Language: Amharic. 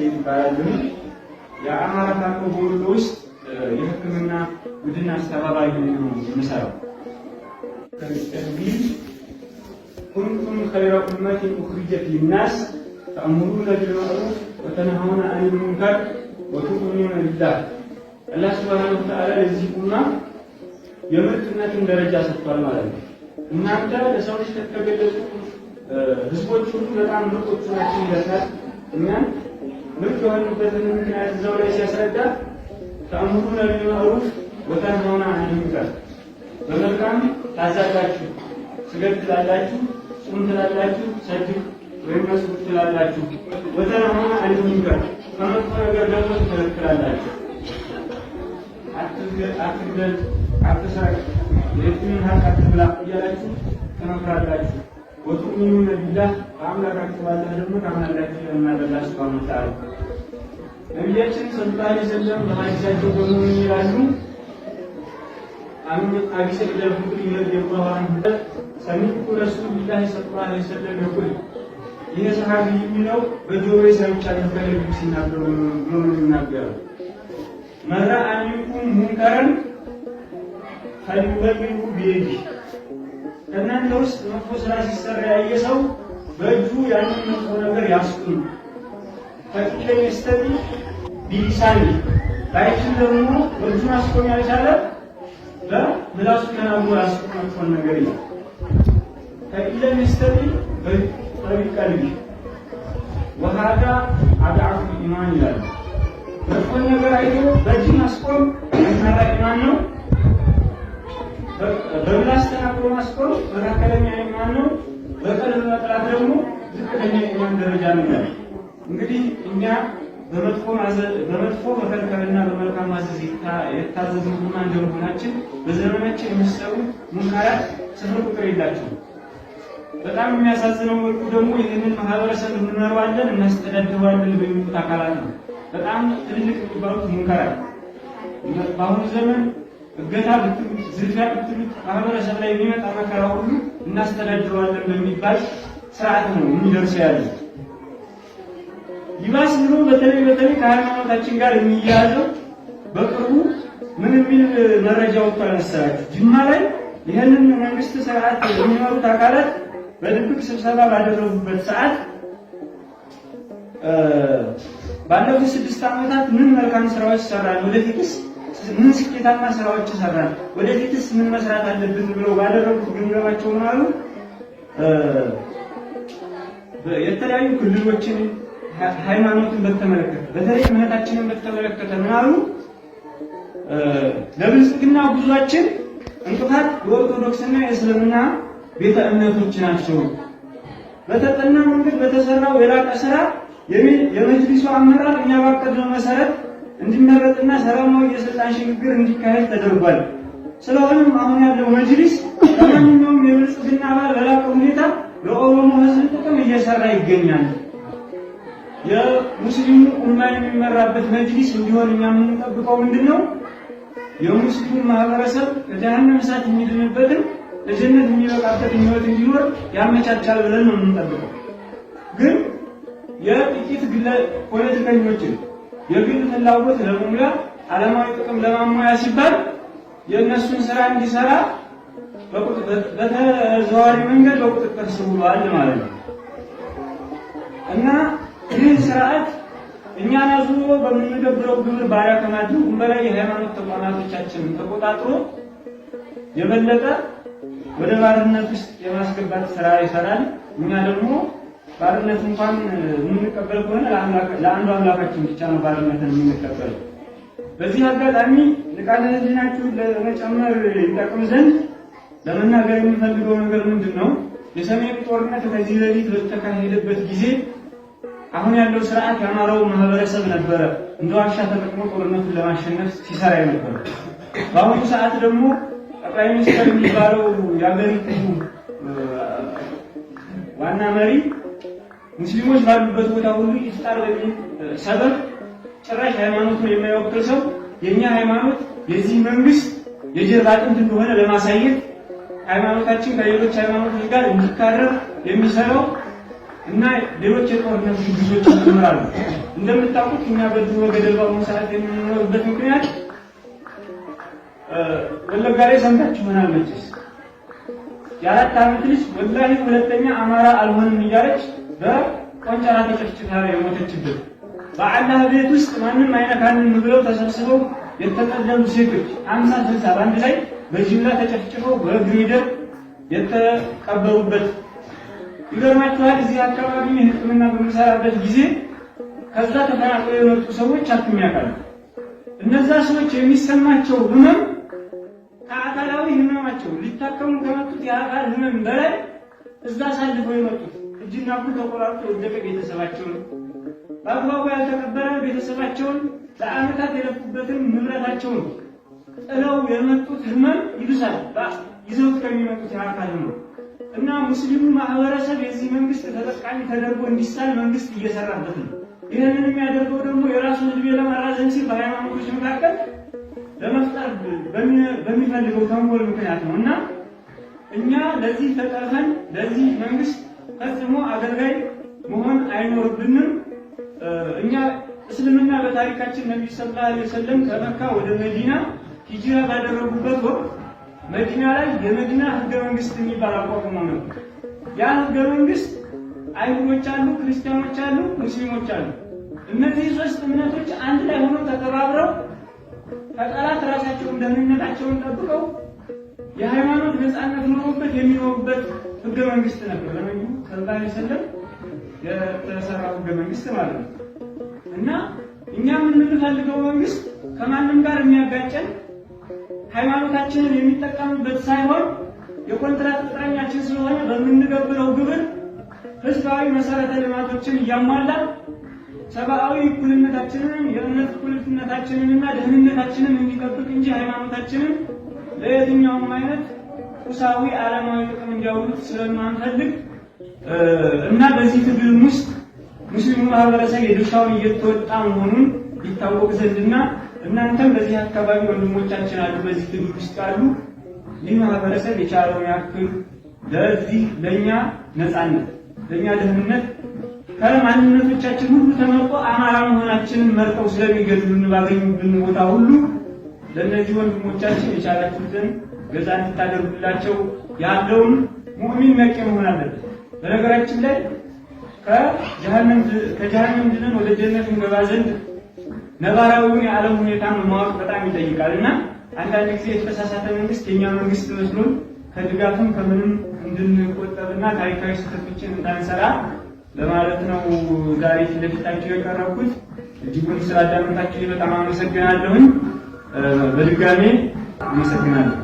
ኬት ይባላል። የአማራ ካርቶ በወሎ ውስጥ የህክምና ቡድን አስተባባሪ ነው የምሰራው። ኩንቱም ኸይረ ኡመቲ ኡኽሪጀት ሊናስ ተእሙሩነ ቢልመዕሩፍ ወተነሃውነ አኒል ሙንከር ወቱእሚኑነ ቢላህ። አላህ ሱብሓነሁ ወተዓላ ለዚህ ኡማ የምርጥነትን ደረጃ ሰጥቷል ማለት ነው። እናንተ ለሰው ልጅ ከተገለጹ ህዝቦች ሁሉ በጣም ምርጦቹ ናቸው ይላል። እኛም ምርጥ የሆንበትን ምክንያት እዛው ላይ ሲያስረዳ ተአምሩ ለቢልማዕሩፍ ወተንሀውና ሆነ ሙንከር በመልካም ታዛዛችሁ ስገድ ትላላችሁ፣ ጹም ትላላችሁ፣ ሰድቅ ወይም መስጉድ ትላላችሁ። ወተንሀውና ሆነ ሙንከር ከመጥፎ ነገር ደግሞ ትከለክላላችሁ። አትግደል፣ አትስረቅ፣ የቲምን ሀቅ አትብላ እያላችሁ ትመክራላችሁ። ወቱሚኑነ ቢላህ በአምላካችሁ ባላ ደግሞ ከአምላካችሁ የማይበላ ስጦታ ነው። ነቢያችን ሰለላሁ ዐለይሂ ወሰለም በሐዲሳቸው ደግሞ ምን ይላሉ? አሚ አቢ ሰዒድ አልኹድሪ ረዲየላሁ ዐንሁ ሰሚዕቱ ረሱለላህ ሰለላሁ ዐለይሂ ወሰለም የቁል ይህ ሰሐቢ የሚለው በጆሮዬ ሰምቻለሁ ከነቢዩ ሲናገሩ ብሎ ነው የሚናገረው። መን ረአ ሙንከረን ፈልዩገይርሁ ቢየዲህ ከእናንተ ውስጥ መጥፎ ስራ ሲሰራ ያየ ሰው በእጁ ያንን መጥፎ ነገር ያስቁም። ፈቂደ ይስተጢ ቢሊሳኒ ባይችል ደግሞ በእጁ ማስቆም ያልቻለ በምላሱ ተናግሮ ያስቁም መጥፎን ነገር ይላል። ፈቂደ ይስተጢ በጠቢብ ወሃዳ አድዓፉ ኢማን ይላል። መጥፎን ነገር አይቶ በእጅ ማስቆም ጠንካራ ኢማን ነው። በምላስ ተናግሮ ማስቆም መካከለኛ የማን ነው? በቀልብ መጥላት ደግሞ ዝቅተኛ የማን ደረጃ ነው? እንግዲህ እኛ በመጥፎ ማዘዝ በመጥፎ መከልከልና በመልካም ማዘዝ የታዘዙ ምሁራን እንደመሆናችን በዘመናችን የሚሰሩ ሙንካራት ስፍር ቁጥር የላቸውም። በጣም የሚያሳዝነው መልኩ ደግሞ ይህንን ማህበረሰብ እንመራዋለን እናስተዳድረዋለን በሚሉት አካላት ነው። በጣም ትልልቅ የሚባሉት ሙንካራት በአሁኑ ዘመን እገታ ብትሉት ዝርፊያ ብትሉት ማህበረሰብ ላይ የሚመጣ መከራ ሁሉ እናስተዳድረዋለን በሚባል ስርዓት ነው የሚደርሰው ያለ። ይባስ ብሎ በተለይ በተለይ ከሃይማኖታችን ጋር የሚያያዘው በቅርቡ ምን የሚል መረጃ ወጥቷል መሰላችሁ? ጅማ ላይ ይህንን መንግስት ስርዓት የሚመሩት አካላት በድብቅ ስብሰባ ባደረጉበት ሰዓት ባለፉት ስድስት ዓመታት ምን መልካም ስራዎች ይሰራል ወደፊትስ ምን ስኬታማ ስራዎች ይሰራል? ወደፊትስ ምን መስራት አለብን ብለው ባደረጉት ግምገማቸው ምን አሉ? የተለያዩ ክልሎችን ሃይማኖትን በተመለከተ በተለይ እምነታችንን በተመለከተ ምን አሉ? ለብልጽግና ጉዟችን እንቅፋት የኦርቶዶክስና የእስልምና ቤተ እምነቶች ናቸው። በተጠና መንገድ በተሰራው የላቀ ስራ የመጅሊሱ አመራር እኛ ባቀድነው መሰረት እንዲመረጥና ሰላማዊ የስልጣን ሽግግር እንዲካሄድ ተደርጓል። ስለሆነም አሁን ያለው መጅሊስ ለማንኛውም የብልጽግና አባል በላቀ ሁኔታ ለኦሮሞ ሕዝብ ጥቅም እየሰራ ይገኛል። የሙስሊሙ ኡማ የሚመራበት መጅሊስ እንዲሆን እኛ የምንጠብቀው ምንድን ነው? የሙስሊሙ ማህበረሰብ ከጀሃነም እሳት የሚድንበትን ለጀነት የሚበቃበት ህይወት እንዲኖር ያመቻቻል ብለን ነው የምንጠብቀው። ግን የጥቂት ግለ ፖለቲከኞችን የግል ፍላጎት ለመሙላት ዓለማዊ ጥቅም ለማሟያ ሲባል የእነሱን ስራ እንዲሰራ በተዘዋዋሪ መንገድ በቁጥጥር ስር ውሏል ማለት ነው እና ይህ ስርዓት እኛን አዙሮ በምንገብረው ግብር ባሪያ ከማድረጉም በላይ የሃይማኖት ተቋማቶቻችንን ተቆጣጥሮ የበለጠ ወደ ባርነት ውስጥ የማስገባት ስራ ይሰራል። እኛ ደግሞ ባርነት እንኳን የምንቀበል ከሆነ ለአንዱ አምላካችን ብቻ ነው ባርነትን የምንቀበል። በዚህ አጋጣሚ ንቃተ ለመጨመር ይጠቅም ዘንድ ለመናገር የሚፈልገው ነገር ምንድን ነው? የሰሜኑ ጦርነት ከዚህ በፊት በተካሄደበት ጊዜ አሁን ያለው ስርዓት ያማረው ማህበረሰብ ነበረ እንደ ዋሻ ተጠቅሞ ጦርነቱን ለማሸነፍ ሲሰራ ነበር። በአሁኑ ሰዓት ደግሞ ጠቅላይ ሚኒስትር የሚባለው የአገሪቱ ዋና መሪ ሙስሊሞች ባሉበት ቦታ ሁሉ ይፍጣር በሚል ሰበብ ጭራሽ ሃይማኖቱን የማይወክል ሰው የእኛ ሃይማኖት የዚህ መንግስት የጀርባ አጥንት እንደሆነ ለማሳየት ሃይማኖታችን ከሌሎች ሃይማኖቶች ጋር እንዲካረር የሚሰራው እና ሌሎች የጦርነት ድግሶች ይጀምራሉ። እንደምታውቁት እኛ በድሮ ገደል በአሁኑ ሰዓት የምንኖርበት ምክንያት ወለጋ ላይ ሰምታችሁ ይሆናል መቼስ የአራት ዓመት ልጅ ወላሂ ሁለተኛ አማራ አልሆንም እያለች በቆንጨራ ተጨፍጭፋ የሞተችበት በአላህ ቤት ውስጥ ማንም አይነካንም ብለው ተሰብስበው የተጠለሉ ሴቶች አምሳ ስልሳ በአንድ ላይ በጅምላ ተጨፍጭፈው በግሪደር የተቀበሩበት። ይገርማችኋል፣ እዚህ አካባቢ ሕክምና በምሰራበት ጊዜ ከዛ ተፈናቅለው የመጡ ሰዎች አክም እነዛ ሰዎች የሚሰማቸው ህመም ከአካላዊ ህመማቸው ሊታከሙ ከመጡት የአካል ህመም በላይ እዛ አሳልፈው የመጡት እጅና እግሩ ተቆራርጦ የወደቀ ቤተሰባቸውን በአግባቡ ያልተቀበረ ቤተሰባቸውን ለአመታት የለፉበትን ንብረታቸውን ጥለው የመጡት ህመም ይብሳል ይዘውት ከሚመጡት የአካል ነው እና ሙስሊሙ ማህበረሰብ የዚህ መንግስት ተጠቃሚ ተደርጎ እንዲሳል መንግስት እየሰራበት ነው። ይህንን የሚያደርገው ደግሞ የራሱን ዕድሜ ለማራዘም ሲል በሃይማኖቶች መካከል ለመፍጠር በሚፈልገው ተንኮል ምክንያት ነው እና እኛ ለዚህ ተጠርተን ለዚህ መንግስት ፈጽሞ አገልጋይ መሆን አይኖርብንም። እኛ እስልምና በታሪካችን ነቢዩ ሰለላሁ ዐለይሂ ወሰለም ከመካ ወደ መዲና ሂጅራ ባደረጉበት ወቅት መዲና ላይ የመዲና ህገ መንግስት የሚባል አቋቁሞ ነው። ያ ህገ መንግስት አይሁዶች አሉ፣ ክርስቲያኖች አሉ፣ ሙስሊሞች አሉ። እነዚህ ሶስት እምነቶች አንድ ላይ ሆነው ተቀባብረው ከጠላት ራሳቸውን ደህንነታቸውን ጠብቀው የሃይማኖት ነፃነት ኖሮበት የሚኖሩበት ህገ መንግስት ነበር ነብዩ ሰለላሁ ዐለይሂ ወሰለም የተሰራው ህገ መንግስት ማለት ነው። እና እኛ የምንፈልገው መንግስት ከማንም ጋር የሚያጋጨን ሃይማኖታችንን የሚጠቀምበት ሳይሆን የኮንትራት ቅጥረኛችን ስለሆነ በምንገብረው ግብር ህዝባዊ መሰረተ ልማቶችን እያሟላ ሰብአዊ እኩልነታችንን የእምነት እኩልነታችንንና ደህንነታችንን የሚጠብቅ እንጂ ሃይማኖታችንን ለየትኛውም አይነት ቁሳዊ ዓለማዊ ጥቅም እንዲያውሉት ስለማንፈልግ እና በዚህ ትግል ውስጥ ሙስሊሙ ማህበረሰብ የድርሻውን እየተወጣ መሆኑን ይታወቅ ዘንድና እናንተም በዚህ አካባቢ ወንድሞቻችን አሉ፣ በዚህ ትግል ውስጥ አሉ። ይህ ማህበረሰብ የቻለውን ያክል ለዚህ ለእኛ ነፃነት፣ ለእኛ ደህንነት ከማንነቶቻችን ሁሉ ተመርጦ አማራ መሆናችንን መርጠው ስለሚገድሉን ባገኙብን ቦታ ሁሉ ለእነዚህ ወንድሞቻችን የቻላችሁትን ገዛ እንድታደርጉላቸው ያለውን ሙእሚን ነቅ መሆን አለበት። በነገራችን ላይ ከጀሃነም ድነን ወደ ጀነት እንገባ ዘንድ ነባራዊውን የዓለም ሁኔታ ማወቅ በጣም ይጠይቃል እና አንዳንድ ጊዜ የተሳሳተ መንግስት የኛ መንግስት መስሎን ከድጋፍም ከምንም እንድንቆጠብና ታሪካዊ ስህተቶችን እንዳንሰራ ለማለት ነው ዛሬ ፊት ለፊታችሁ የቀረብኩት። እጅጉን ስላዳመጣችሁ በጣም አመሰግናለሁኝ። በድጋሜ አመሰግናለሁ።